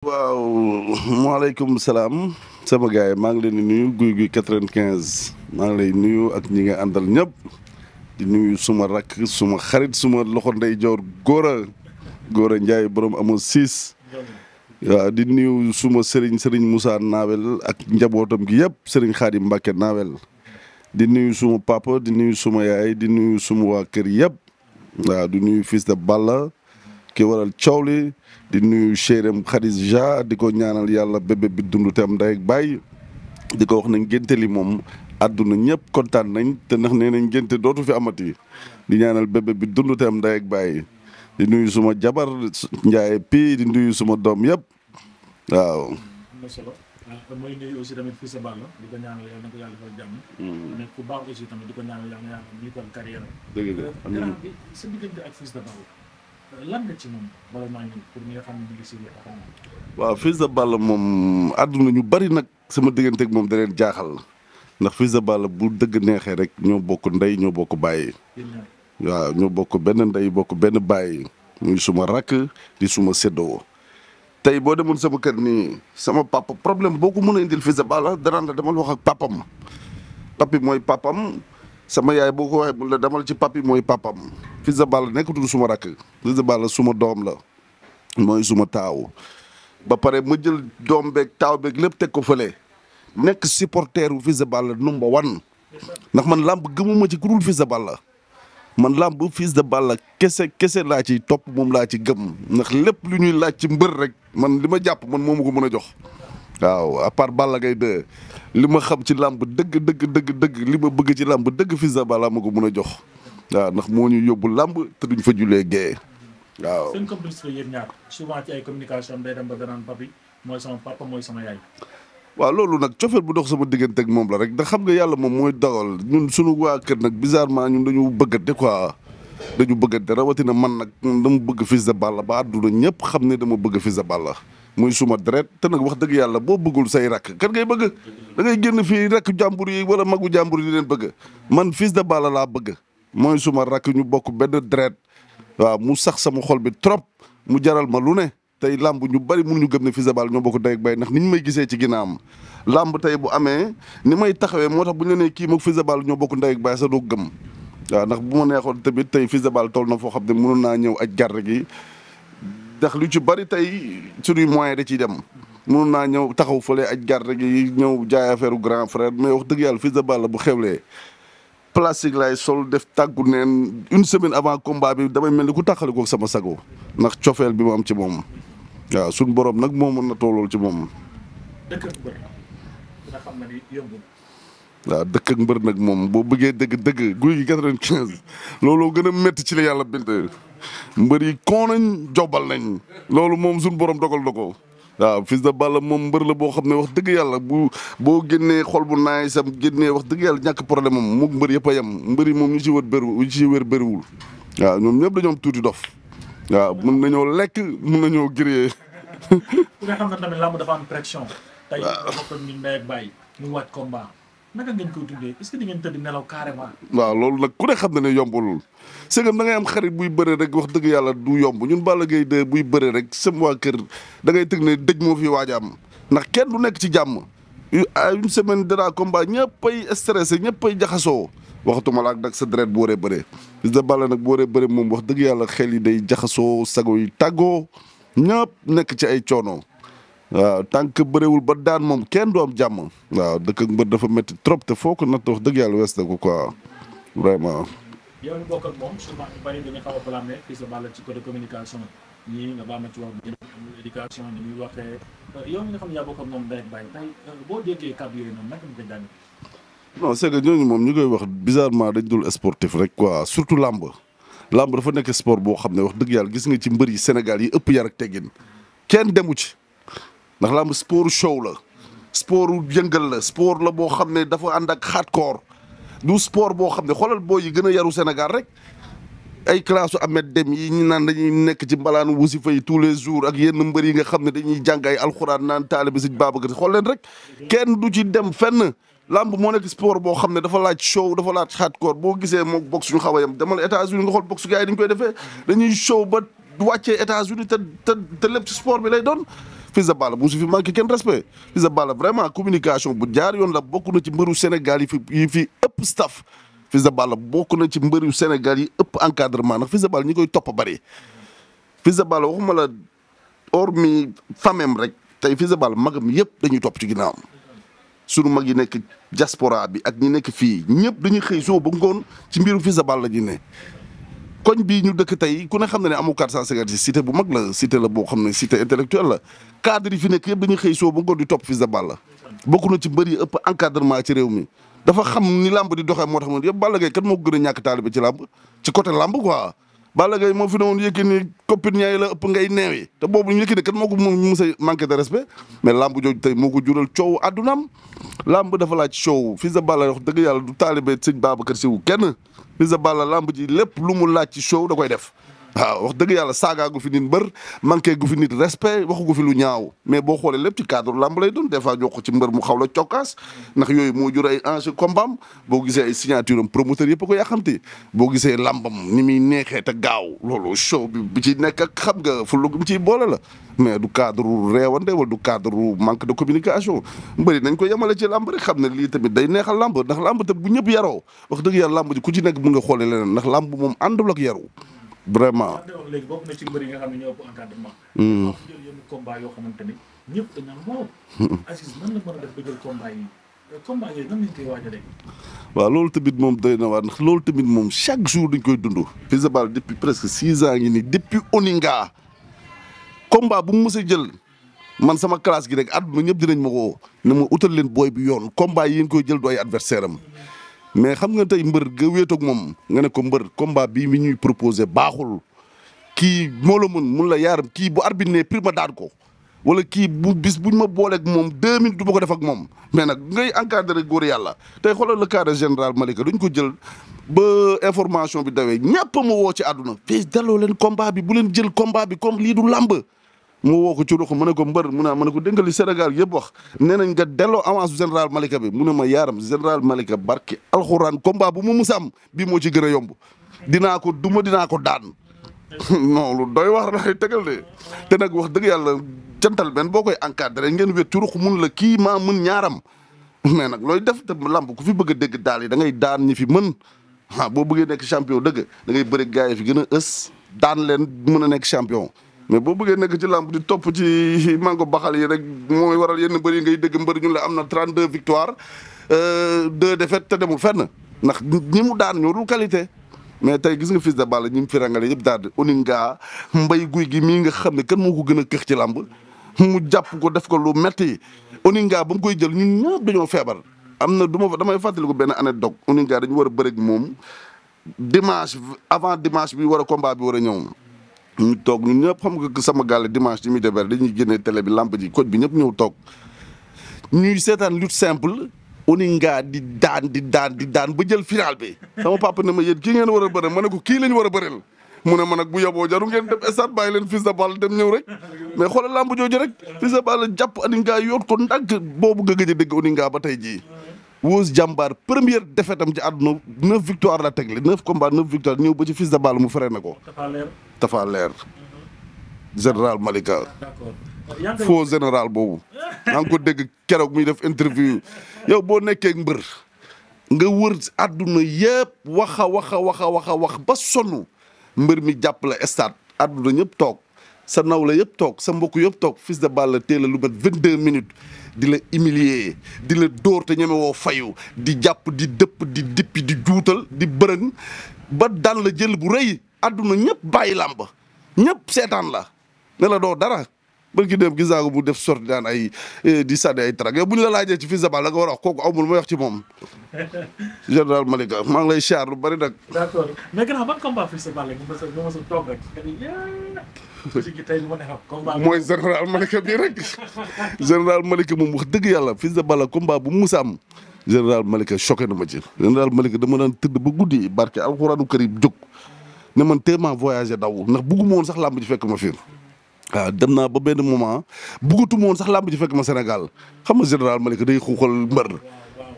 waaw maaleykum salaam sama gars maa ngi leen nuyu guy guy quatre quinze maa ngi lay nuyu ak ñi nga àndal ñëpp di nuyu suma rakk suma xarit suma loxo nday joor Gora Gora Ndiaye borom amoo siis di nuyu suma Serigne Serigne Moussa Nawel ak njabootam gi yëpp Serigne Khadim Mbacke Nawel di nuyu suma papa di nuyu suma yaay di nuyu suma waa kër yëpp di nuyu fils de Balla ki waral coow li di nuyu chéram Khadija di ko ñaanal yàlla bébé bi dund tam ndey ak bàyyi di ko wax na ngénte li moom àdduna ñëpp kontaan nañ te ndax nee nañ ngénte dootu fi amati di ñaanal bébé bi dund tam ndey ak bàyyi di nuyu suma jabar Ndiaye pii di nuyu suma doom yëpp waaw. mooy ah, nuyu aussi Euh, lan nga ci moom vraiment àdduna ñu bari nag sama diggante ak moom da leen jaaxal ndax Fils Balla bu dëgg neexee rek ñoo bokk ndey ñoo bokk bàyyi. waaw ñoo bokk benn ndey bokk benn bàyyi. muy suma rakk di suma seddoo tey boo demoon sama kër nii sama papa problème boo ko mën a indil Fils de Balla danaan la demal wax ak papam papi mooy papam. sama yaay boo ko waxee mun la demal ci papi mooy papam Fils de Balla nekkatul suma rakk Fils de Balla suma doom la mooy suma taaw ba pare ma jël doom beeg taaw beeg lépp teg ko fële nekk supporteru Fils de Balla number one ndax man làmb gëmuma ci kurul Fils de Balla man làmb Fils de Balla kese kese laa ci topp moom laa ci gëm ndax lépp lu ñuy laaj ci mbër rek man li ma jàpp man moomu ko mën a jox waaw à part Balla Gaye 2 li ma xam ci làmb dëgg dëgg dëgg li ma bëgg ci làmb dëgg Fils de Balla ma ko mën a jox waaw ndax moo ñu yóbbu làmb te duñ fa julee gée waaw. seen complice mooy sama papa mooy sama yaay. waaw loolu nag cofeel bu dox sama diggante moom la rek da xam nga yàlla moom mooy dogal ñun suñu waa kër nag bizarrement ñun dañu bëgg bëggante quoi dañu bëggante rawatina man nag dama bëgg Fils de Balla ba àdduna ñëpp xam ne dama bëgg Fils de Balla muy suma dret te nag wax dëgg yàlla boo bëggul say rakk kan ngay bëgg da ngay fii rakk jàmbur yi wala magu jàmbur yi leen bëgg man fils de Balla laa bëgg mooy suma rakk ñu bokk benn deret waaw mu sax sama xol bi trop mu jaral ma lu ne tey làmb ñu bari mënuñu gëm ne fils de bokk day bay ndax ni ñu may gisee ci ginnaawam làmb tey bu amee ni may taxawee moo bu ñu kii moog fils de ñoo bokk ndey baay sa doo gëm waaw ndax bu ma neexoon tamit tey fils de tool na foo xam ne mënoon naa ñëw ak jar gi ndax lu ci bari tey suñuy moyen da ciy dem mënoon naa ñëw taxaw fële aj gàrte gi ñëw jaay affaire grand frère mais wax dëgg yàlla Fils de Balla bu xewlee plastique lay sol def tàggu neen une semaine avant combat bi damay mel ni ku tàqali ko sama sago ndax cofeel bi ma am ci moom waaw suñ borom nag moo mën na toolool ci moom. dëkk dëkk ak mbër nag moom boo bëggee dëgg dëgg guy gi quatre-vingt-quinze looloo gën a métti ci la yàlla bind. mbër yi koo nañ jobal nañ loolu moom suñu boroom dogal na ko waaw Fils de Balla moom mbër la boo xam ne wax dëgg yàlla bu boo génnee xol bu naay sam génne wax dëgg yàlla ñàkk problème am moom mbër yëpp a yem mbër yi moom ñu ci wër bëriwul ñu ci wër waaw ñoom ñëpp dañoo am tuuti dof waaw mën nañoo lekk mën nañoo gré. ku nga xam ne tamit làmb dafa am pression. tey boppam waaw loolu nag ku ne xam na ne yombul c'est que da ngay am xarit buy bëre rek wax dëgg yàlla du yomb ñun Balla Gaye de buy bëree rek sem waa kër da ngay tëg ne dëj moo fi waajaam ndax kenn du nekk ci jàmm une semaine dara combat ñëpp ay stressé ñëpp ay jaxasoo waxtuma laak nag sa dret bu waree bëree Fils de Balla nag bu waree bëree moom wax dëgg yàlla xel yi day jaxasoo sago yi tàggoo ñëpp nekk ci ay coono waaw tànk bërewul ba daan moom kenn du am jàmm waaw dëkk ak mbër dafa métti trop te foo ko natt dëgg yàlla wees na ko vraiment yow ñu bokk a blâmer Fils de Balla ci côté communication ñii nga ni muy euh, xam ne yaa bokk moom ndey ak bàyyi tey euh, boo ñu koy wax bizarrement dañ dul sportif rek quoi surtout lamb làmb dafa nekk sport boo xam ne wax dëgg yàlla gis nga ci mbër yi Sénégal yi ëpp yar ak teggin kenn demu ci ndax làmb sport show la sport yëngal la sport la boo xam ne dafa ànd ak hardcore du sport boo xam ne xoolal boo yi gën a yaru Sénégal rek ay classe Ahmed Dem yi ñu naan dañuy nekk ci mbalaanu wasifa yi tous les jours ak yenn mbër yi nga xam ne dañuy jàng ay alxuraan naan taalibe sëñ Babacar xool leen rek kenn du ci dem fenn lamb moo nekk sport boo xam ne dafa laaj show dafa laaj hardcore boo gisee moom box ñu xaw a yem demal États-Unis nga xool box gars yi dañ koy defee dañuy show ba wàccee États-Unis te te te lépp sport bi lay doon Fils de Balla bu su fi manqué kenn respect Fils de Balla communication bu jaar yoon la bokk na ci mbëru Sénégal yi fi yi fi ëpp staff Fils de Balla bokk na ci mbëru Sénégal yi ëpp encadrement ndax Fils de ñu koy topp bari Fils de Balla waxuma la hormis rek tey Fils de Balla magam yëpp dañuy topp ci ginnaawam sunu mag yi nekk diaspora bi ak ñu nekk fii ñëpp dañuy xëy soo ba ngoon ci mbiru Fils de Balla ñu ne koñ bii ñu dëkk tey ku ne xam na ne amu 456 cité bu mag la cité la boo xam ne cité intellectuelle la cadre yi fi nekk yëpp dañuy xëy soo ba ngoon di topp Fils Balla bokk na ci mbër yi ëpp encadrement ci réew mi dafa xam ni làmb di doxee moo tax ma yëpp Balla gën a ñàkk taalibe ci làmb ci côté làmb quoi Balla Gaye moo fi ne woon yëkki ni copine ñaay la ëpp ngay neewee te boobu ñu yëkki ne kat moo ko moom mos a manqué de respect mais làmb jooju tey moo ko jural coow àddunaam làmb dafa laaj coow Fils de Balla yàlla du taalibe sëñ Babacar Siw kenn Fils de Balla lamb ji lépp lu mu laaj ci show da koy def waaw wax dëgg yàlla saagaa gu fi nit mbër manqué gu fi nit respect waxu gu fi lu ñaaw mais boo xoolee lépp ci cadre lamb lay doon des jox ko ci mbër mu xaw la cokas ndax yooyu moo jur ay enjeu combat boo gisee ay signature am promoteur yëpp a ko yàqamte boo gisee lambam ni muy neexee te gaaw loolu show bi bi ci nekk xam nga fu lu mu ciy boole la mais du cadre reewande wala du cadre manque de communication mbëri nañ ko yamale ci lamb rek xam ne lii tamit day neexal lamb ndax lamb bu ñëpp yaroo wax dëgg yàlla lamb ji ci nekk mu nga xoolee leneen ndax lamb moom àndul ak vraiment. léegi bokk yi nga xam ne ñoo ëpp encadrement. ñoo hmm. hmm. jël yenn combat loolu tamit moom doy na waar loolu tamit moom chaque jour dañ koy dund. Fils depuis presque six ans ngi nii depuis Oninga combat bu mu mës a jël. man sama classe gi rek àdduna ñëpp dinañ ma woo ne ma utal leen booy bi yoon combat yi ngeen koy jël dooy adversaire am mais xam nga tey mbër nga wéetoog moom nga ne ko mbër combat bi mi ñuy proposé baaxul kii moo la mën mun la yaaram kii bu arbitre ne prix ma daan ko wala kii bu bis buñ ma booleeg moom deux minutes du ma ko defak moom mais nag ngay encadré góor yàlla tey xoolal le cadre général Malika duñ ko jël ba information bi dawee ñàpp ma woo ci àdduna fii daloo leen combat bi bu leen jël combat bi comme lii du làmb mu woo ko ci ruux mu ne ko mbër mu a ma ne ko dénkali Sénégal yëpp wax nee nañ nga delloo avance général Malika bi mun ne ma yaaram général Malika barki alxuraan combat bu mu mus am bii moo ci gën a yomb dinaa ko duma dinaa ko daan. non lu doy wax lay tegal de te wax dëgg yàlla jantal benn boo koy encadré ngeen wét ci ruux mun la kii maa mën ñaaram mais nag looy def te lamb ku fi bëgg a dégg daal yi da ngay daan ñi fi mën ah boo bëggee nekk champion dëgg da ngay bëri gaay yi fi gën daan leen mën a nekk champion. mais boo bëggee nekk ci làmb di topp ci mango baxal yi rek mooy waral yenn mbër yi ngay dégg mbër ñu la am na 32 victoire 2 euh, défaite te demul fenn ndax ñi mu daan ñoo dul qualité. mais tey gis nga Fils de Balla ñi mu fi rangale yëpp daal di oninga mbay guy gi mii nga xam ne kan moo ko gën a këx ci làmb mu jàpp ko def ko lu metti oninga ba mu koy jël ñu ñëpp dañoo feebar. am na du ma damay fàttali ko benn année dog oninga dañu war a bëreeg moom dimanche avant dimanche bi war a combat bi war a ñëw. ñu toog ñun ñëpp xam nga dimanche di muy defar dañuy génne télé bi lamp ji code bi ñëpp ñëw toog ñuy seetaan lutte simple Oninga di daan di daan ba jël final bi sama papa ne ma yéen kii ngeen war a bëre ma ne ko kii lañ war a bëreel mu ne ma bu yoboo a ngeen dem stade bàyyi leen Fils de dem ñëw rek mais xoolal lamb jooju rek Fils de jàpp Oninga yoot ko ndànk boobu nga a dégg Oninga ba tey jii Wuz jàmbaar première défaite am ci àdduna neuf victoire la tegle neuf combat neuf victoire ñëw ba ci fils de Balla mu feree na ko. Tafa Leer Tafa mhm. général Malika. d'accord général boobu. maa ngi ko dégg keroog muy def interview yow boo nekkee mbër. nga wër àdduna yëpp wax a wax a wax a wax a wax ba sonn mbër mi jàpp la stade àdduna ñëpp toog sa naw la yëpp toog sa mbokk yëpp toog fils de Balla téye la lu mat vingt deux minutes. di la humilier di la dóor te ñeme woo di jàpp di dëpp di dippi di juutal di bërëng ba daan la jël bu rëy àdduna ñëpp bàyyi làmb ñëpp seetaan la ne la doo dara bërki dem gis naa def sorti daan ay eh, di sànni ay trak yow bu ñu la laajee ci Fils de Balla la nga war a wax ci moom général Malika ma ngi lay siyaar lu bari nag. d'accord mais a mooy général Malika bii rek moom wax dëgg yàlla Fils de Balla combat bu mu musam général Malika choqué na ma ci. général Malika dama daan tëdd ba guddi barke alxuraanu kër yi jóg ne man tellement voyagé daw ndax bugguma woon sax làmb ji fekk ma fii. waaw ah, dem naa ba benn moment bëggatuma woon sax làmb ji fekk ma Sénégal xam nga général Malika day xuuxal mbër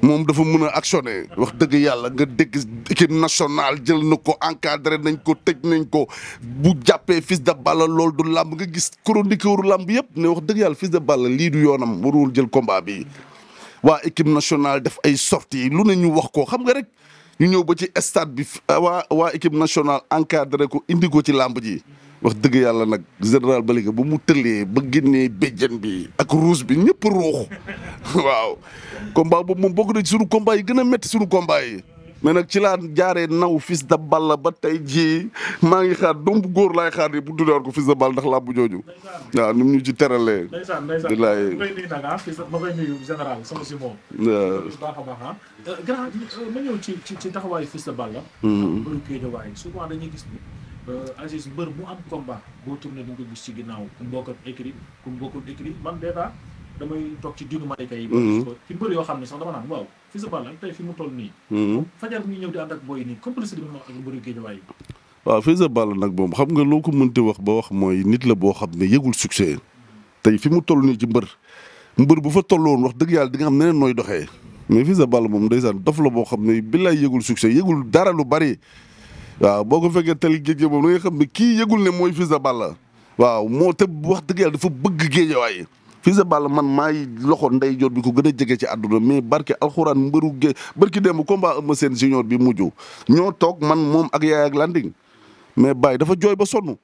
moom dafa mën a actionné wax dëgg yàlla nga dégg équipe nationale jël na ko encadré nañ ko tëj nañ ko bu jàppee Fils de Balla lool du làmb nga gis waru làmb yëpp ne wax dëgg yàlla Fils de Balla lii du yoonam warul jël combat bi waa équipe nationale def ay sorties lu ne ñu wax ko xam nga rek ñu ñëw ba ci stade bi waa waa équipe nationale encadré ko indi ko ci làmb ji wax dëgg yàlla nag général Balika ba mu tëlee ba génnee béjjan bi ak ruus bi ñëpp ruux waaw combat boobu moom bokk na ci suñu combat yi gën a metti suñu combat yi mais nag ci laa jaaree naw fils de Balla ba tey ji maa ngi xaar doom góor laay xaar yi bu tuddewaat ko fils de Balla ndax laa bu jooju waaw ni mu ñu ci teralee bilaay ah, ah. euh, euh, ma ñëw ci ci taxawaayu fils de Balla hmm. souvent dañuy gis ni Euh, Aziz mbër mu am combat boo tourné da nga ko ci ginnaaw ku mbokkam écrit ku mbokkam écrit man déjà damay toog ci dinu malayka yi mhm. ci mbër yoo xam ne sax dama mu toll nii mhm. fajar mi ñëw di ànd ak booy nii complicité bi ma wax ak mbëru géejawaay yi waaw Fils de Balla nag moom xam nga loo ko mënti wax ba wax mooy nit la boo xam ne yëgul succès tey fi mu toll nii ci mbër mbër bu fa tolloon wax dëgg yàlla di nga xam neneen nooy doxee mais Fils de Balla moom ndeysaan dof la boo xam ne billaay yëgul succès yëgul dara lu bari waaw boo ko fekkee tali géej gi moom da ngay xam ne kii yëgul ne mooy Fils de Balla waaw moo te wax dëgg yàlla dafa bëgg géejawaay Fils de Balla man maay loxo ndey joor bi ko gën a jege ci àdduna mais barke alxuraan mbëru gé barki démb combat Eumeu si junior bi mujj ñoo toog man moom ak yaay ak landing mais Baye dafa jooy ba sonn.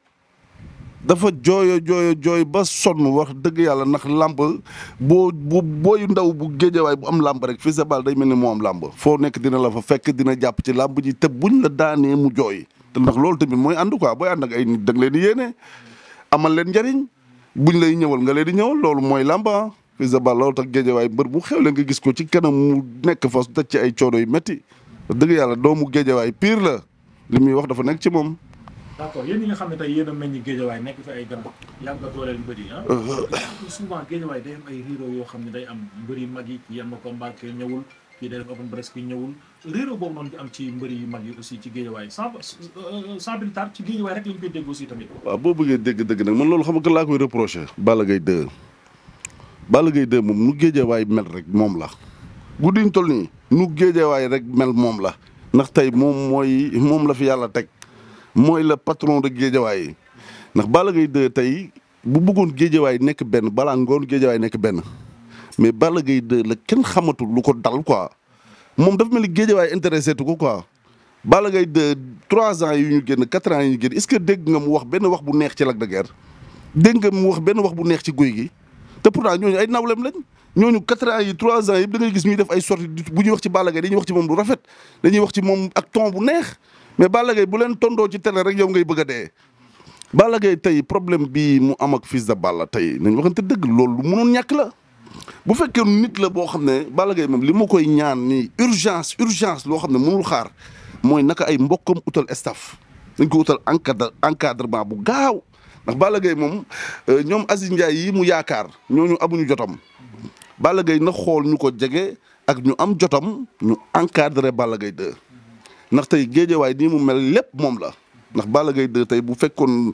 dafa jooyo jooyo jooy ba sonn wax dëgg yàlla ndax làmb boo bu booy ndaw bu géejawaay bu am làmb rek Fils de day mel ni moo am làmb foo nekk dina la fa fekk dina jàpp ci làmb ji te buñ la daanee mu jooy te ndax loolu tamit mooy ànd quoi booy ànd ak ay nit da leen di yéene amal leen njariñ buñ lay ñëwal nga leen di ñëwal loolu mooy làmba ah. Fils de Balla loolu tax géejawaay mbër bu xew la nga gis ko ci kanam mu nekk fas daj ci ay coono yu métti dëgg yàlla doomu géejawaay piir la li muy wax dafa nekk ci moom d' accord yéen ñi nga xam ne tey yéen a meññ géejawaay nekk fi ay gan yàgg nga dooleel yi ah. Uh-huh. géejawaay day am ay réeróo yoo xam ne day am mbër yu mag yi kii am na combat kii ñëwul kii day def open press kii ñëwul réeróo boobu am ci mbër yu mag yi aussi ci géejawaay sans euh, sans plus tard ci géejawaay rek lañ koy dégg aussi tamit. waaw boo bëggee dégg-dégg nag man loolu xam nga laa koy reproché. Balla Gaye 2 Balla Gaye 2 moom nu géejawaay mel rek moom la guddi ñu toll nii nu géejawaay rek mel moom la ndax tey moom mooy moom la fi yàlla teg mooy la patron de géejawaay yi ndax bala gay 2 tey bu bëggoon géejawaay nekk benn balaa ngoon géejawaay nekk benn mais Balla Gaye 2 la kenn xamatul lu ko dal quoi moom dafa mel ni géejawaay intéressé tu ko ko Balla Gaye 2 trois ans yu ñu génn quatre ans yu ñu génn est-ce que dégg nga mu wax benn wax bu neex ci Lac de dégg nga mu wax benn wax bu neex ci guy gi te pourtant ñooñu ay nawlem lañ ñooñu quatre ans yi trois ans yëpp da ngay gis ñuy def ay sorties bu ñuy wax ci Balla Gaye dañuy wax ci moom lu rafet dañuy wax ci moom ak ton bu neex mais Balla Gaye bu leen tondoo ci télé rek yow ngay bëgg a dee. Balla Gaye tey problème bii mu am ak Fils de Balla tey nañ te dëgg loolu lu mënoon ñàkk la. bu fekkee nit la boo xam ne Balla Gaye moom li ma koy ñaan nii urgence urgence loo xam ne mënul xaar mooy naka ay mbokkam utal staff dañ ko utal encadre encadrement bu gaaw ndax Balla Gaye moom euh, ñoom Aziz Ndiaye yi mu yaakaar ñooñu amuñu jotam Balla Gaye na xool ñu ko jege ak ñu am jotam ñu encadre Balla Gaye 2 ndax tey géejewaay nii mu mel lépp moom la ndax Balla gay 2 tey bu fekkoon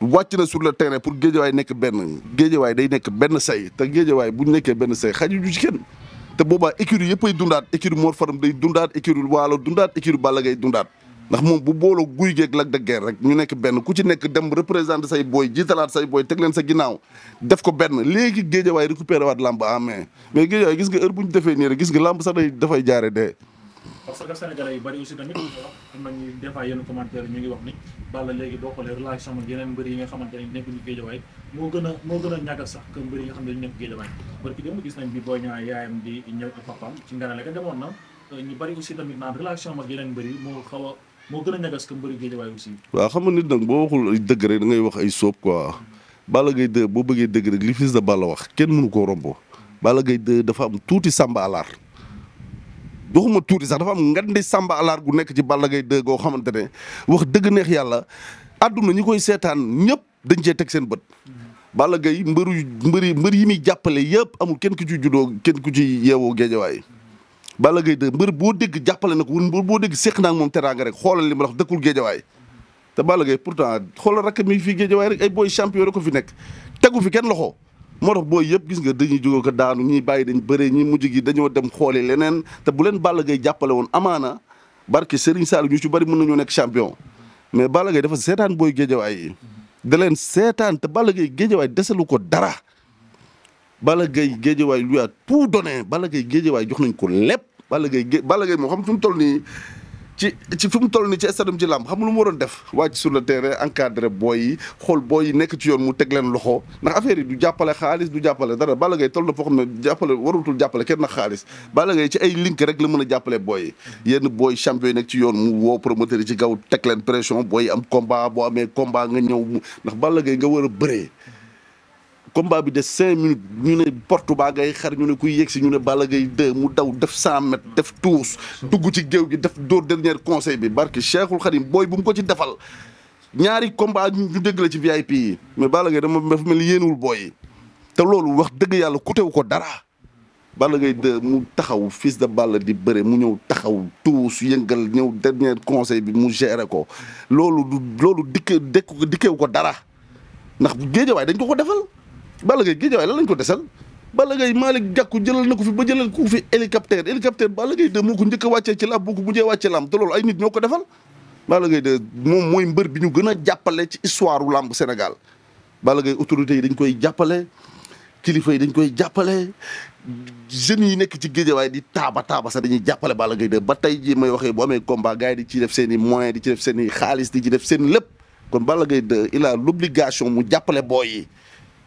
wàcc na sur le terrain pour géejewaay nekk benn géejewaay day nekk benn say te géejewaay bu nekkee benn say xaju ju te boobaa écurie yëppay dundaat écurie Mor Faram day dundaat écurie Waalo dundaat écurie Balla Gaye dundaat ndax moom bu booloo guy geeg Lac de rek ñu nekk benn ku ci nekk dem représenté say booy jiitalaat say booy teg leen sa ginnaaw def ko benn léegi géejewaay récupéré waat lamb en main mais géejewaay gis nga heure bu ñu defee nii rek gis nga lamb sax day dafay jaare dee. parce que Sénégalais yu bëri aussi tamit am nañu des fois yenn commentaire ñu ngi wax relation ak yeneen mbër yi nga a moo a ñàkk sax que mbër yi nga xam ne aussi tamit naan relation ak yeneen mbër moo xaw a moo gën a ñàkk que mbër géejawaay aussi waaw xam nit nag boo waxul ay dëgg rek da wax ay sóob quoi Balla Gaye 2 boo bëggee dëgg rek li fils de wax kenn mënu koo romb Balla Gaye 2 dafa am tuuti sàmba alaar waxuma tuuti sax dafa am ngandi samba alaar gu nekk ci Balla gay 2 goo xamante ne wax dëgg neex yàlla àdduna ñi koy seetaan ñëpp dañ cee teg seen bët. Balla gay mbëru mbëri mbër yi muy jàppale yëpp amul kenn ku ci juddoo kenn ku ci yeewoo géejawaay Balla Gaye 2 mbër boo dégg jàppale na ko mbër boo dégg séq naa ak moom teraanga rek xoolal li ma wax dëkkul géejawaay te Balla Gaye pourtant xoolal rakk mi fii géejawaay rek ay booy champion rek ko fi nekk tegu fi kenn loxo. moo tax yëpp gis nga dañu jóge ko daanu ñuy bàyyi dañ bëree ñi mujj gi dañoo dem xooli leneen te bu leen Balla Gaye jàppale woon amaana barke Serigne Sall ñu ci bëri mën nañoo nekk champion mais Balla Gaye dafa seetaan booy géejawaay yi da leen seetaan te Balla Gaye géejawaay deselu ko dara Balla Gaye géejawaay lu yaat tout donné Balla Gaye géejawaay jox nañ ko lépp Balla Gaye gé Balla Gaye moo xam suñu toll nii ci ci fi mu toll nii ci stadium ci làmb xam lu mu waroon def wàcc sur le terrain encadré booy yi xool nekk ci yoon mu teg leen loxo ndax affaire yi du jàppale xaalis du jàppale dara Balla Gaye toll na foo xam ne jàppale warutul jàppale kenn nag xaalis Balla Gaye ci ay link rek la mën a jàppale boy yenn booy champion yi ci yoon mu woo promoteur ci gaw teg leen pression booy yi am combat boo amee combat nga ñëw ndax Balla Gaye nga war a bëree combat bi de cinq minutes ñu ne porte baa ngay xar ñu ne kuy yegg si ñu ne Balla Gaye 2 mu daw def cent mètres def tuus dugg ci géew gi def dóor dernier conseil bi barki Cheikhul Khadim booy bu mu ko ci defal ñaari combat ñu dégg la ci VIP yi mais Balla Gaye dama dafa mel ni yéenul booy te loolu wax dëgg yàlla ku tewu ko dara Balla ngay 2 mu taxaw fils de Balla di bëre mu ñëw taxaw tuus yëngal ñëw dernier conseil bi mu géré ko loolu du loolu dikkee dékk dikkeewu ko dara ndax géejawaay dañ ko ko defal Balla Gaye Guédiawaye lañ ko desal Balla Gaye Malick Gakou jëlal na ko fi ba jëlal ko fi hélicoptère hélicoptère Balla Gaye de ku ko njëkk a wàccee ci làmb boo ko mujjee wàccee làmb te loolu ay nit ñoo ko defal Balla Gaye de moom mooy mbër bi ñu gën a jàppale ci histoire u làmb Sénégal balagay autorité yi dañ koy jàppale kilifa yi dañ koy jàppale jeunes yi nekk ci géejawaay di taaba taaba sa dañuy jàppale Balla Gaye de ba tey jii may waxee bu amee combat gars yi di ci def seen i moyens di ci def seen xaalis di ci def seen lépp kon Balla Gaye de il a mu jàppale booy yi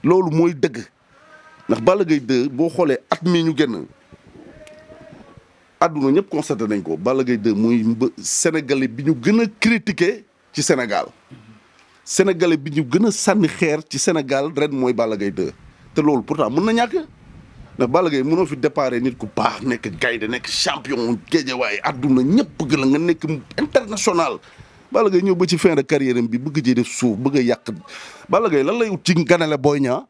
loolu mooy dëgg ndax Balla Gaye 2 boo xoolee at mii ñu génn àdduna ñëpp constaté nañ ko Balla Gaye 2 muy sénégalais bi ñu gën a critiqué ci Sénégal sénégalais bi ñu gën a sànni xeer ci Sénégal ren mooy Balla Gaye 2 te loolu pourtant mën na ñàkk ndax Balla Gaye mënoo fi déparé nit ku baax nekk gaynde nekk champion géejewaay àdduna ñëpp gën la nga nekk international Balla Gaye ñëw ba ci fin rek carrière am bi bëgg ci def suuf bëgg a yàq Balla Gaye lan lay ut ci ganale booy ñaa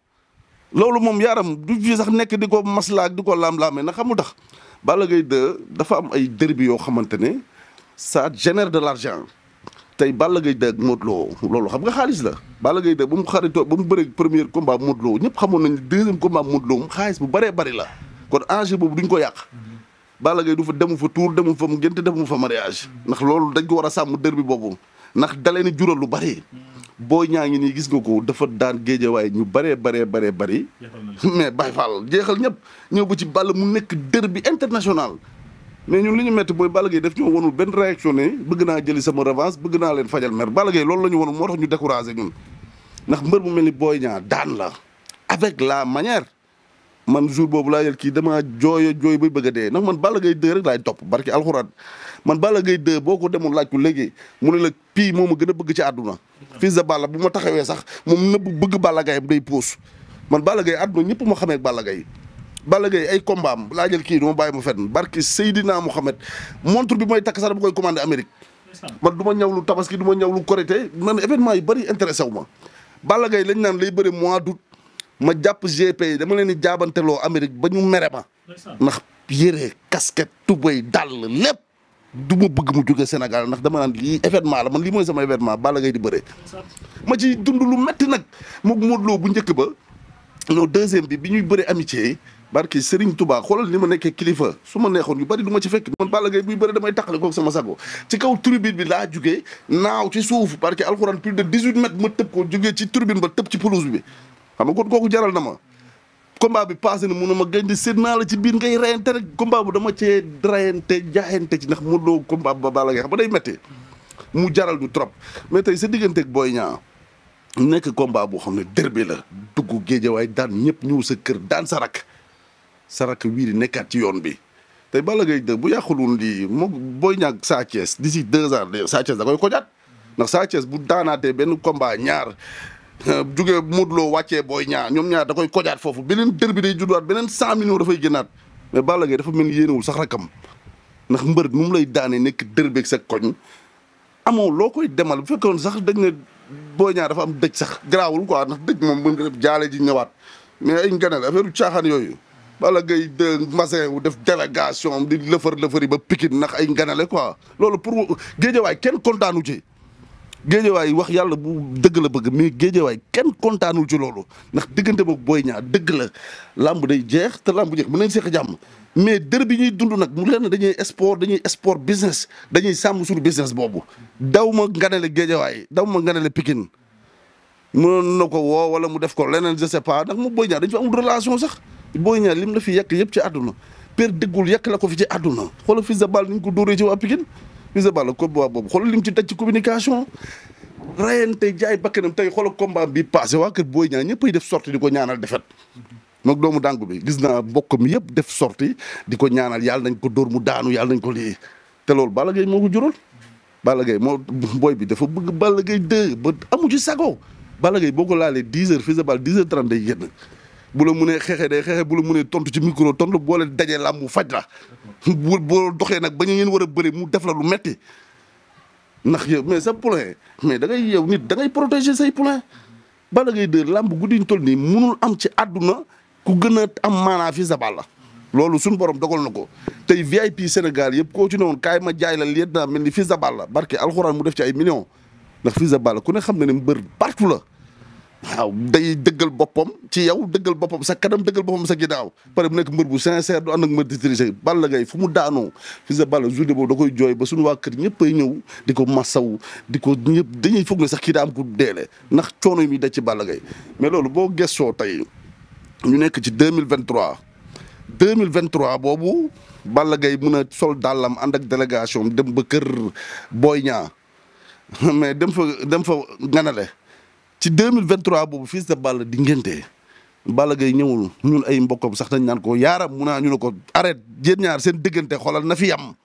loolu moom yaaram du fi sax nekk di ko maslaa ak di ko laam-laamee na xamu tax Balla Gaye 2 dafa am ay derby yoo xamante ne ça génère de l'argent tey Balla Gaye 2 ak Modou Lo loolu xam nga xaalis la Balla Gaye 2 ba mu xaritoo ba mu bëre premier combat Modou Lo ñëpp xamoon nañ deuxième combat Modou Lo mu xaalis bu bëree bëri la kon enjeu boobu duñ ko yàq Balla Gaye du fa demu fa tuur demu fa mu ngénte demu fa mariage ndax loolu dañ ko war a sàmm dër bi boobu ndax dalee ni jural lu bari boo ñaa ngi nii gis nga ko dafa daan géejewaay ñu bëree baree baree bëri mais Baye Fall jeexal ñëpp ñëw ba ci Balla mu nekk dër bi international mais ñun li ñu métti mooy Balla Gaye def ñoo wanul benn réaction ne bëgg naa jëli sama revanche bëgg naa leen fajal mer Balla Gaye loolu la ñu wanul moo tax ñu découragé ñun ndax mbër bu mel ni booy ñaa daan la avec la manière man jour boobu laa yël kii damaa jooy jooy bay bëgg a dee ndax man Balla Gaye 2 rek laay topp barki alxuraan man Balla gay 2 boo ko demul laaj ko léegi mu ne la pii moom a gën a bëgg ci àdduna fils de Balla bu ma taxawee sax moom nëbb bëgg Balla Gaye am day puus man Balla Gaye àdduna ñëpp ma xamee Balla Gaye Balla Gaye ay combat am laa jël kii du ma bàyyi ma fenn barki Seydina Mohamed montre bi may takk sax dama koy commandé Amérique man du ma ñawlu tabaski du ma ñawlu korité man événement yu bëri intéressé wu ma Balla Gaye lañ naan lay bëri mois d'août ma jàpp GP yi dama leen di jaabanteloo Amérique ba ñu mere ma ndax yére casquette tubay dàll lépp du ma bëgg mu jóge Sénégal ndax dama naan lii événement la man mooy sama événement Balla Gaye di bëree. ma ci dund lu métti nag moom Modou Lo bu njëkk ba non deuxième bi bi ñuy bëree amitié yi barki Serigne Touba xoolal ni ma nekkee kilifa su ma neexoon yu bari duma ci fekk man Balla Gaye buy bëri damay taxale koog sama sago ci kaw tribune bi laa jugee naaw ci suuf barki alxuraan plus de dix huit mètres ma tëb ko jugee ci tribune ba tëb ci pelouse bi. xam nga kon kooku jaral na ma combat bi passé na mu ne ma gën di sédd naa la ci biir ngay reyante rek combat bu dama cee reyante jaaxante ci ndax mu doog combat ba bala ba day méttee mu jaral du trop mais tey sa digganteeg Boy Niang nekk combat boo xam ne derby la dugg waay daan ñëpp ñëw sa kër daan sa rak sa rak wii di nekkaat ci yoon bi te Balla Gaye dëgg bu yàqul woon lii moom Boy Niang Sa Thiès d'ici deux ans Sa Thiès ko koy na ndax bu daanaate benn combat ñaar Euh, jugee Modou loo wàccee Boy Niang ñoom ñaar da ko kojaat foofu beneen dër bi day judduwaat beneen cent millions dafay gënaat mais Balla Gaye dafa mel ni yéenewul sax rakam ndax mbër mu lay daanee nekk dër beeg sa koñ amoo loo koy demal bu fekkoon sax dañ ne Boy Niang dafa am dëj sax garaawul quoi ndax dëj moom mën nga def jaale ji ñëwaat mais ay nganal a caaxaan yooyu Balla Gaye de Mbassé wu def délégation di lëfër lëfër yi ba Pikine ndax ay nganale quoi loolu pour géejawaay kenn kontaanu ci waay wax yàlla bu dëgg la bëgg mais géejewaay kenn kontaanul ci loolu ndax diggante boobu booy ñaar dëgg la làmb day jeex te làmb jeex mën nañ seq jàmm mais dër bi ñuy dund nag mu leen dañuy sport dañuy sport business dañuy sàmm suñu business boobu. daw ma nganale waay daw ma nganale Pikine mënoon na ko woo wala mu def ko leneen je sais pas ndax mu booy ñaar dañ fi amul relation sax booy ñaar lim la fi yekk yëpp ci àdduna per dëggul yekk la ko fi ci àdduna xoolal fils de Balla ko dóoree ci waa Fils bal Balla combat boobu xoolal lim ci daj ci communication rayante jaay bakkanam tey a combat bi passé waa kër Boy Niang ñëpp ay def sorti di ko ñaanal defet moom doomu bi gis naa mbokk mi yëpp def sorti di ko ñaanal yàlla nañ ko dóor mu daanu yàlla nañ ko lii te loolu Balla Gaye moo ko jural Balla Gaye moo booy bi dafa bëgg Balla Gaye ba amu ci sago Balla Gaye boo ko laalee 10 heures Fils de Balla 10 heures 30 day génn bu la mënee xeexee day xeexee bu la mënee tontu ci micro tontu boole dajee mu faj la bu boo doxee nag ba ñu ngeen war a bëri mu def la lu metti ndax yow mais sa poulain mais da ngay yow nit da ngay protéger say poulain Balla Gaye 2 làmb guddi ñu toll nii munul am ci àdduna ku gën a am maanaa fi sabal la loolu suñu borom dogal na ko tey VIP Sénégal yëpp koo ci ne woon kaay ma jaay la liet naa mel ni fi sabal la barke alxuraan mu def ci ay millions ndax fi sabal ku ne xam ne ne mbër partout la waaw day dëggal boppam ci yow dëggal boppam sa kanam dëggal boppam sa ginnaaw pare mu nekk mbër bu sincère du ànd ak mbër di tricher Balla gay fu mu daanoo fi sa Balla journée boobu da koy jooy ba suñu waa kër ñëpp ay ñëw di ko massaw di ko ñëpp dañuy foog ne sax kii daa ku deele ndax coono yi muy ci Balla Gaye mais loolu boo gëstoo tey ñu nekk ci deux mille vingt deux mille vingt boobu Balla gay mun a sol dàllam ànd ak délégation dem ba kër Boy Niang mais dem fa dem fa nganale ci 2023 boobu Fils de Balla di ngénte Balla Gaye ñëwul ñun ay mbokkam sax dañ naan ko yaaram mu naa ñu ne ko arrête yéen ñaar seen diggante xoolal na fi yam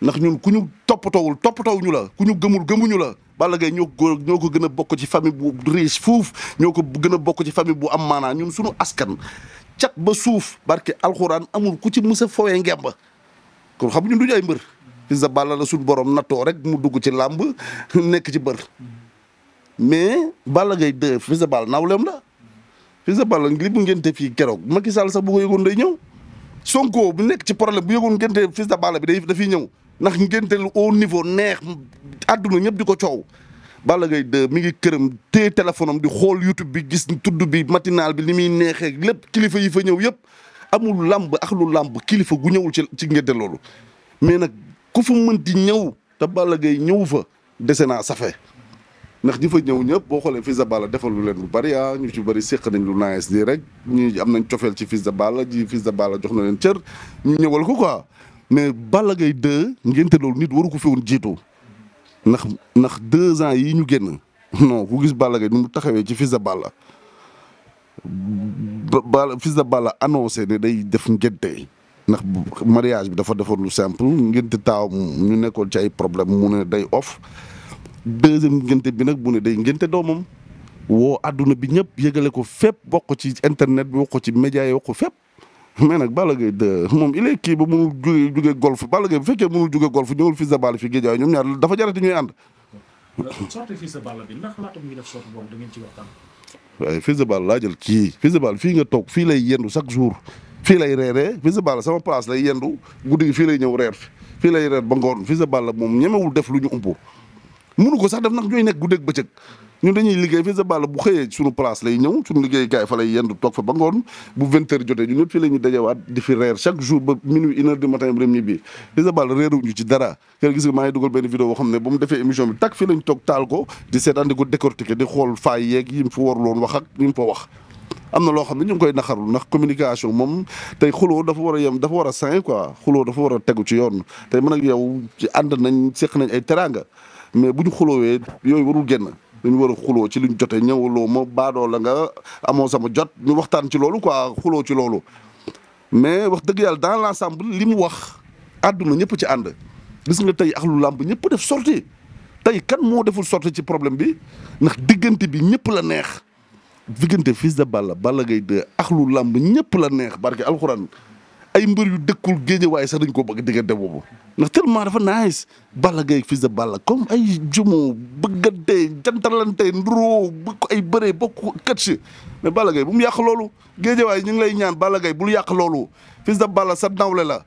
ndax ñun ku ñu toppatoowul toppatoow ñu la ku ñu gëmul gëmuñu la Balla Gaye ñoo ko ñoo ko gën a bokk ci famille bu riche fuuf ñoo ko gën a bokk ci famille bu am maanaa ñun suñu askan cat ba suuf barke alxuraan amul ku ci mës a fowee ngemba kon xam ñun duñu ay mbër Fils de Balla la suñu borom nattoo rek mu dugg ci làmb nekk ci mbër mais Balla gay 2 Fils de Balla nawleem la Fils Balla li bu ngénte fii keroog Macky Sall sax bu ko yëgoon day ñëw Sonko bu nekk ci problème bu yëgoon ngénte Fils de Balla bi day dafiy ñëw ndax ngénte lu au niveau neex àdduna ñëpp di ko coow Balla gay 2 mi ngi këram téye téléphone am di xool YouTube bi gis tudd bi matinaal bi ni muy neexee lépp kilifa yi fa ñëw yëpp amul làmb ak lu làmb kilifa gu ñëwul ci ci ngénte loolu mais nag ku fa mënti ñëw te Balla Gaye ñëw fa dese naa safe ndax ñi fa ñëw ñëpp boo xoolee Fils de Balla defal leen bu bari ah ñu ci bari séq nañ lu nice nii rek am nañ cofeel ci Fils de Balla ji Fils de jox na leen cër ñu ñëwal ko quoi mais Balla gay 2 ngénte loolu nit waru ko fi woon jiitu ndax ndax deux ans yi ñu génn non ku gis Balla Gaye ni mu taxawee ci Fils de Balla ba Fils de Balla annoncé ne day def ngénte ndax mariage bi dafa defoon lu simple ngénte taaw ñu nekkoon ci ay problème mu ne day off deuxième ngénte bi nag bu ne day ngénte doomam woo àdduna bi ñëpp yëgale ko fépp wax ko ci internet bi wax ko ci média yi wax ko fépp mais nag Balla Gaye moom il est kii ba mënul jugee jugee golf Balla Gaye bu fekkee mënul jugee golf ñëwul fii de Balla fi géejaay ñoom ñaar dafa jarati ñuy ànd. sorti Fils de Balla bi ndax laata mu laa jël kii Fils de Balla fii nga toog fii lay yendu chaque jour fii lay reeree Fils de Balla sama place lay yendu guddi gi fii lay ñëw reer fi fii lay reer ba ngoon Fils de Balla moom ñemewul def lu ñu umpu munu sax def nag ñooy nekk guddeeg bëccëg ñun dañuy liggéey fii sa bàll bu xëyee suñu place lay ñëw suñu liggéeykaay fa lay yendu toog fa ba ngoon bu vingt heures jotee ñun ñëpp fii la ñuy dajewaat di fi reer chaque jour ba minuit une heure du matin rem ñi bii fii sa bàll réeruñu ci dara kër gis boo xam ne ba mu defee émission bi tak fii lañ toog taal ko di seetaan di ko décortiquer di xool faay yeeg yi mu fa waruloon wax ak yi mu fa wax am na loo xam ne ñu ngi koy naxarul ndax communication moom tey xuloo dafa war a yem dafa war a sain quoi xuloo dafa war a tegu ci yoon tey mën ak yow ci ànd nañ seq nañ ay teranga mais bu ñu xuloowee yooyu warul génn dañu war a xuloo ci luñ jotee ñëwaloo ma baadoo la nga amoo sama jot ñu waxtaan ci loolu quoi xuloo ci loolu mais wax dëgg yàlla dans l'ensemble li mu wax àdduna ñëpp ci ànd gis nga tey axlu làmb ñëpp def sorti tey kan moo deful sorti ci problème bi ndax diggante bi ñëpp la neex diggante Fils de Balla Balla Gaye 2 axlu làmb ñëpp la neex barke alxuraan ay mbër yu dëkkul waaye sax dañ ko bëgg diggante boobu ndax tellement dafa nice Balla Gaye fils de Balla comme ay jumo bëggante jantalante nduroo bëgg ay bëree bokk këtch mais bala Gaye bu mu yàq loolu géejewaay ñu ngi lay ñaan Balla Gaye bu yàq loolu fils de Balla sa nawle la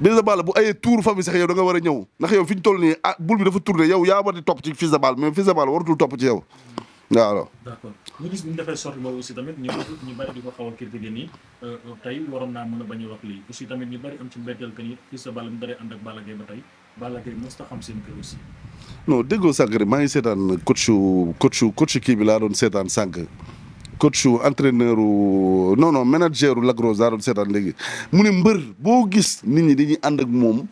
fils de Balla bu ayee tuur famille sax yow da nga war a ñëw ndax yow fi ñu toll nii ah bul bi dafa tourné yow yaa war di topp ci fils de Balla mais fils de Balla waratul topp ci yow waaw. ñu gis bi aussi tamit ñu ñu bëri di ko xaw a critiqué nii euh, tey waroon naa mën a bañ wax lii aussi tamit ñu bëri am ci mbetteel que ni Fils de Balla mu tey Balla Gaye mos ta xam seen kër aussi non déggoo sànq rek maa ngi seetaan coach coach kii bi laa doon seetaan sànq coach entraîneur non non manager u Lagros laa doon seetaan léegi mu ne mbër boo gis nit ñi dañuy ànd ak moom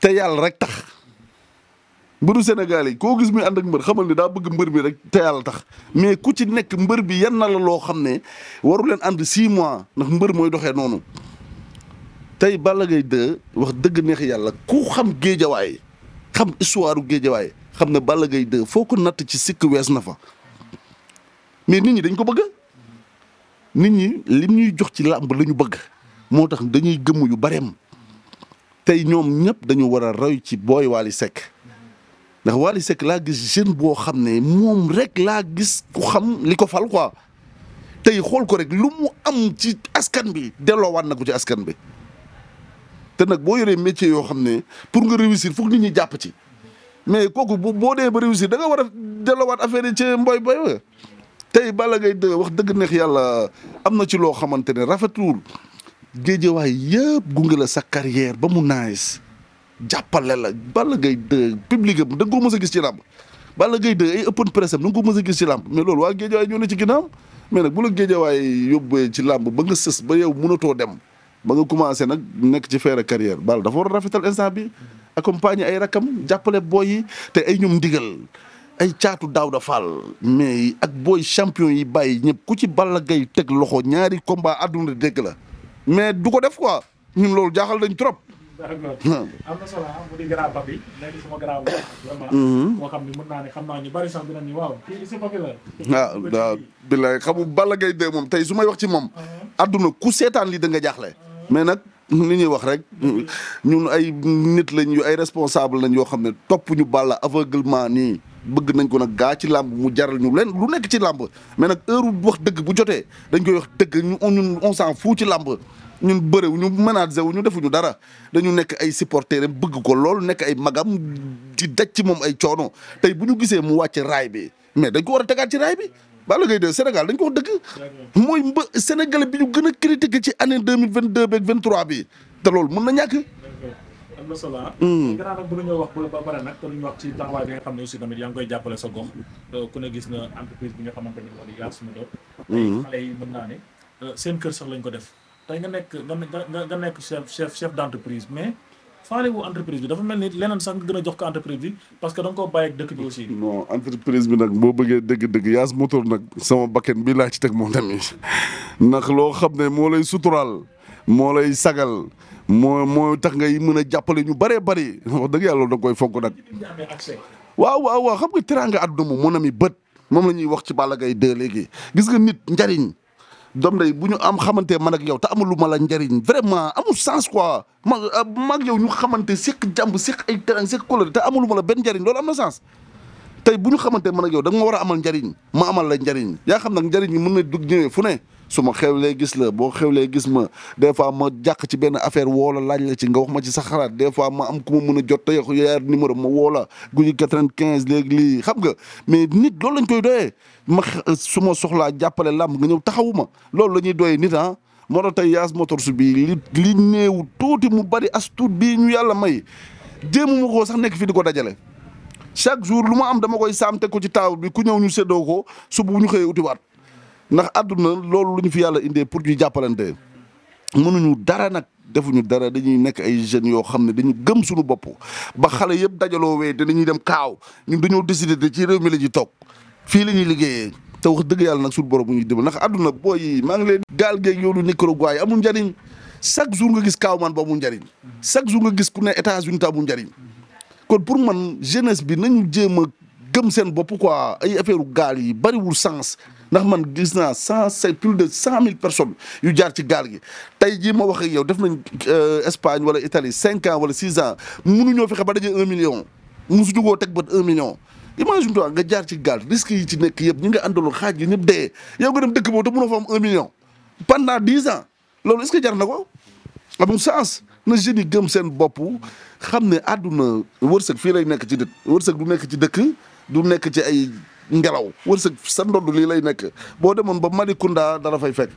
te yàlla rek tax mbëru Sénégal yi koo gis muy ànd ak mbër xamal ni daa bëgg mbër bi rek te yàlla tax mais ku ci nekk mbër bi yan na la loo xam ne waru leen ànd six mois ndax mbër mooy doxee noonu tey Balla gay 2 wax dëgg neex yàlla ku xam géejawaay xam histoire géejawaay xam ne Balla gay 2 foo ko natt ci sikk wees na fa mais nit ñi dañ ko bëgg nit ñi li ñuy jox ci làmb la ñu bëgg moo tax dañuy gëmm yu bareem tey ñoom ñëpp dañu war a roy ci Boy Wally Seck ndax Wally Seck laa gis jeune boo xam ne moom rek laa gis ku xam li ko fal quoi tey xool ko rek lu mu am ci askan bi delloowaat na ko ci askan bi te nag boo yoree métier yoo xam ne pour nga réussir foog ni ñi jàpp ci mais kooku bu boo dee ba réussir da nga war a delloowaat affaire yi ci mboy boy tey bala ngay dë wax dëgg neex yàlla am na ci loo xamante ne rafetul géejewaay yëpp gunge la sa carrière ba mu naagis jàppale la Balla Gaye 2 public am da nga ko a gis ci làmb Balla gay 2 ay open press am da nga ko mës a gis ci làmb mais loolu waa géejawaay ñoo ne ci ginnaaw mais na bu la géejawaay yóbbee ci làmb ba nga sës ba yow mënatoo dem ba nga commencé nag nekk ci faire carrière Balla dafa war a rafetal instant bi accompagner ay rakam jàppale booy te ay ñoom ndigal ay caatu daaw da faal mais ak booy champion yi bàyyi ñëpp ku ci Balla Gaye teg loxo ñaari combat àdduna dégg la mais du ko def quoi ñun loolu jaaxal dañ trop am na ah, mhm. xam ne mën naa ne xam naa ñu bari sax ñu waaw kii ah, xamu Balla gay 2 moom tey su may wax ci moom. adduna uh-huh. ku seetaan lii da nga jaaxle. Uh-huh. mais nag li ñuy wax rek mm-hmm. ñun ay nit lañ yu ay responsable lañ yoo xam ne topp ñu Balla aveuglement nii. bëgg nañ ko nag gaa ci làmb mu jaral ñu leen lu nekk ci làmb mais nag heure wax dëgg bu jotee dañ koy wax dëgg ñun on on ci làmb. ñun bërewu ñu ménagé wu ñu defuñu dara dañu nekk ay supporters bëgg ko lool nekk ay magam di daj ci moom ay coono tey bu ñu gisee mu wàcc raay bi mais dañ ko war a tegaat ci raay bi. bala Gaye 2 Sénégal dañ ko wax dëgg mooy mba Sénégalais bi ñu gën a critiqué ci année deux mille vingt deux beeg vingt trois bi te loolu mën na ñàkk. am na solo ah. Hmm. gannaaw nag bu ñu wax ba pare nag te lu ñu wax ci taxawaay bi nga xam ne aussi tamit yaa ngi koy jàppale sa gox euh, ku ne na entreprise bi nga xamante ni moo di Yassouna Diop. Hmm. xale yi naa ne euh, seen kër sax lañ ko def. tey nga nekk nga nga nekk chef chef chef d' entreprise mais faale wu entreprise bi dafa mel ni leneen sax nga gën a jox ko entreprise bi parce que da nga koo bàyyi ak dëkk bi aussi. non entreprise bi nag boo bëggee dëgg-dëgg yaas motor nag sama bakken bi laa ci teg moom tamit ndax loo xam ne moo lay suturaal moo lay sagal moo moo tax ngay mën a jàppale ñu bëree bëri wax dëgg yàlla da koy fonk nag. waaw waaw waaw xam nga teraanga àdduna moom mon ami bë moom la ñuy wax ci Balla Gaye 2 léegi gis nga nit njariñ doom day bu ñu am xamante man ak yow te amul ma la njariñ vraiment amul sens quoi ma ah, ma ak yow ñu xamante sekk jàmb sekk ay terrain sekk couleur te amul lu ma la benn njariñ loolu am na sens tey bu ñu xamante man ak yow da nga war a amal njariñ ma amal la njariñ yaa xam nag njariñ yi mën na dugg ñëwee fu ne su ma xewlee gis la boo xewlee gis ma des fois ma jàq ci benn affaire woola laaj la ci nga wax ma ci sa xalaat des fois ma am ku ma mën a jot te yow yaar numéro ma woo la guñu quatre-vingt-quinze léegi xam nga mais nit loolu lañ koy doyee ma euh, su ma soxlaa jàppale làmb nga ñëw taxawu ma loolu la ñuy nit ah moo tax tey yaas motor su bii li li néew mu bari as tuut bii ñu yàlla may jéemu ma koo sax nekk fii di ko dajale chaque jour lu ma am dama koy saamte ko ci taabu bi ku ñëw ñu séddoo ko su bu ñu xëyee utiwaat ndax àdduna loolu lu fi yàlla indee pour ñu jàppalante mënuñu dara nag defuñu dara dañuy nekk ay jeunes yoo xam ne dañu gëm suñu bopp ba xale yëpp dajaloo wee te dem kaaw ñun dañoo décider da ci réew mi la ñuy toog fii la ñuy liggéeyee dëgg yàlla nag suñu borom bu ñu dimbal ndax àdduna booy yi maa ngi leen gaal géeg yoonu Nicaragua amul njariñ chaque jour nga gis kaaw man ba mu njariñ chaque jour nga gis ku ne États-Unis ta mu njariñ kon pour man jeunesse bi nañu jéem a gëm seen bopp quoi ay affaire gaal yi bariwul sens ndax man gis naa cent cinq plus de cent mille personnes yu jaar ci gaal gi tey jii ma wax ak yow def nañ euh, Espagne wala Italie cinq ans wala six ans mënuñoo fexe ba daje un million musu jugoo teg bët un million. imagine toi nga jaar ci gaal risque yi ci nekk yëpp ñi nga àndaloon xaaj yi ñëpp dee yow nga dem dëkk boobu te mënoo fa am un million pendant dix ans loolu est-ce jar na ko amul sens na jeunes yi gëm seen bopp xam ne àdduna wërsëg fii lay nekk ci dëkk wërsëg du nekk ci dëkk du nekk ci ay. ngelaw wërsëg sa ndodd lii lay nekk boo demoon ba Malicounda dala fay fekk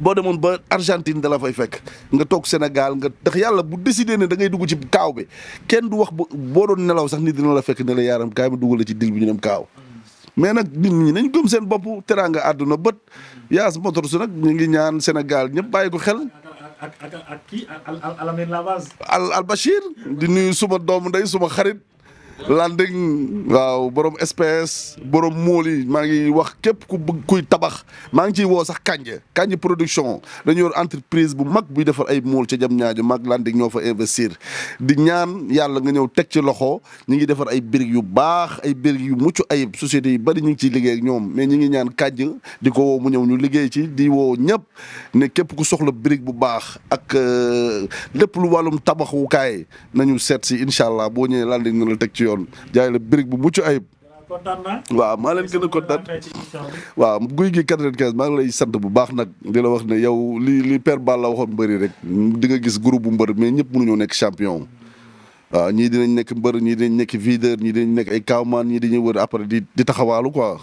boo demoon ba Argentine dala fay fekk nga toog Sénégal nga ndax yàlla bu décidé ne da ngay dugg ci kaaw bi kenn du wax boo doon nelaw sax nit dina la fekk ne la yaaram kaay ma dugg la ci dil bi ñu dem kaaw mais nag nit ñi nañ gëm seen bopp teraanga àdduna bët yaas motor su nag ñu ngi ñaan Sénégal ñëpp bàyyi ko xel ak ak ak Al Al di nuyu suma doomu ndey suma xarit. Landing waaw borom SPS borom mool yi maa ngi wax képp ku bëgg kuy tabax maa ngi ciy woo sax Kanje Kanje production dañu yor entreprise bu mag buy defar ay mool ca jam ñaajo mag Landing ñoo fa investir. di ñaan yàlla nga ñëw teg ci loxo ñu ngi defar ay birig yu baax ay birig yu mucc ayib sociétés yu bari ñu ngi ciy liggéey ñoom mais ñu ngi ñaan Kanje di ko woo mu ñëw ñu liggéey ci di woo ñëpp ne képp ku soxla birig bu baax ak euh, lépp lu wàllum tabaxukaay nañu seet si incha allah boo ñëwee Landing ñu la teg ci ci yoon jaay la brique bu mucc ayib. waaw maa leen gën a kontaan waaw guy gi 95 maa ngi lay bu baax nag di la wax ne yow li li Père Balla waxoon mbëri rek di nga gis groupe bu mbër mais ñëpp mënuñoo nekk champion waaw ñii dinañ nekk mbër ñii dinañ nekk videur ñii dinañ nekk ay kawmaan ñii dañuy wër après di di taxawaalu quoi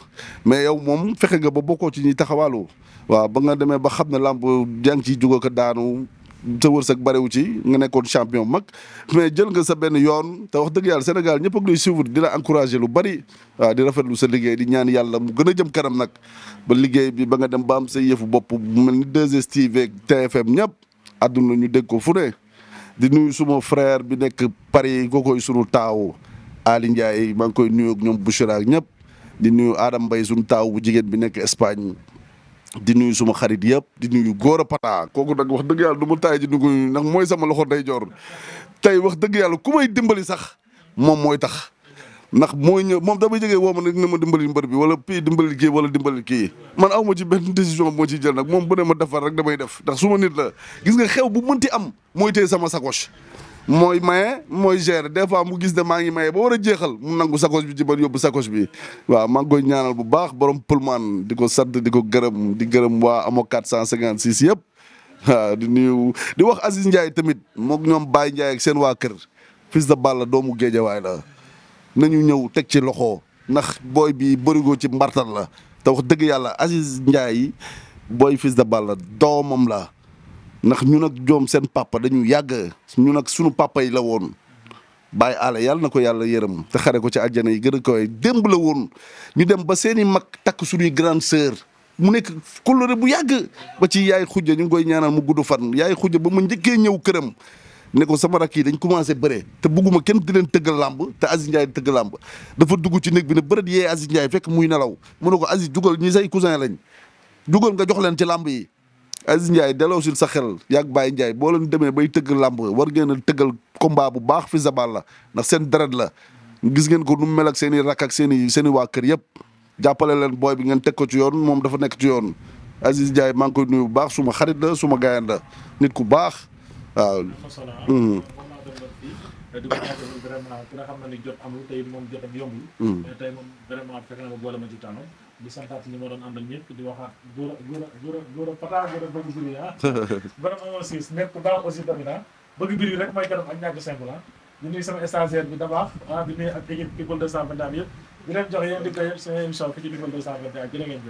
mais yow moom fexe nga ba bokkoo ci ñuy taxawaalu waaw ba nga demee ba xam ne làmb jàng ciy jóg daanu sa wërsëg bariwu ci nga nekkoon champion mag mais jël nga sa benn yoon te wax dëgg yàlla Sénégal ñëpp ak lay suivre di la encouragé lu bari waaw di rafetlu sa liggéey di ñaan yàlla mu gën a jëm kanam nag ba liggéey bi ba nga dem baam sa yëfu boppu mu mel ni 2STV ak TFM ñëpp àdduna ñu dégg ko fu ne di nuyu suma frère bi nekk Paris kookoy sunu taaw Ali Ndiaye maa ngi koy nuyu ak ñoom Bouchra ak ñëpp di nuyu Adam Mbaye sunu taaw bu jigéen bi nekk Espagne di nuyu suma xarit yëpp di nuyu góor a pata kooku nag wax dëgg yàlla du ma taay ji nugu ndax mooy sama loxo day joor tey wax dëgg yàlla ku may dimbali sax moom mooy tax ndax mooy ñëw moom damay jógee woo ma ne dina ma dimbali mbër bi wala pii dimbali kii wala dimbali kii man awma ci benn décision moo ciy jël nag moom bu ne ma defar rek damay def ndax su ma nit la gis xew bu mënti am mooy tey sama sacoche mooy maye mooy gérer des fois mu gis ne maa ngi maye ba war a jeexal mu nangu sacoche bi ci ban yóbbu sacoche bi waaw maa ngi ñaanal bu baax borom Pullman di ko sant di ko gërëm di gërëm waa amoo 456 yëpp. waaw di nuyu di wax Aziz Ndiaye tamit moog ñoom Baye Ndiaye ak seen waa kër fils de Balla doomu géejawaay la nañu ñëw teg ci loxo ndax booy bi bërigo ci mbartal la te wax dëgg yàlla Aziz Ndiaye booy fils de Balla doomam la. ndax ñu ak joom seen papa dañu yàgg ñu nag sunu papa yi la woon bàyyi àll yàlla na ko yàlla yërëm te xare ko ci àjjana yi gën a koy démb la woon ñu dem ba seeni i mag takk suñuy grande sœur mu nekk kóllëre bu yàgg ba ci yaay xujja ñu ngi koy ñaanal mu gudd fan yaay xujja ba mu njëkkee ñëw këram ne ko sama rakk yi dañ commencé bëre te bugguma kenn di leen tëggal làmb te Aziz Ndiaye tëgg làmb dafa dugg ci néeg bi ne bëreet yee Aziz Ndiaye fekk muy nelaw mu ne ko Aziz dugal ñi say cousin lañ jugal nga jox leen ci làmb yi Aziz Ndiaye delloo si sa xel yàgg Baye Ndiaye boo leen demee bay tëgg làmb war ngeen a tëggal combat bu baax fi zabal la ndax seen deret la gis ngeen ko nu mu mel ak seen i rakk seen i seen kër yëpp jàppale leen booy bi ngeen teg ko ci yoon moom dafa nekk ci yoon Aziz Ndiaye maa ngi nuyu bu baax suma xarit la suma gaayaan la nit ku baax waaw. di ko jaajëfal vraiment mm-hmm. ci tànn. di santaat ñi ma doon di waxaat góor a góor a góor a góor nekk baax aussi tamit ah. bëgg mbir rek mooy kanam ak ñàkk simple ah di sama stagiaire bi dabaax ah di nuyu ak équipe People 221 yëpp di leen jox di ko yëpp seen émission fi ci People 221 jërë ngeen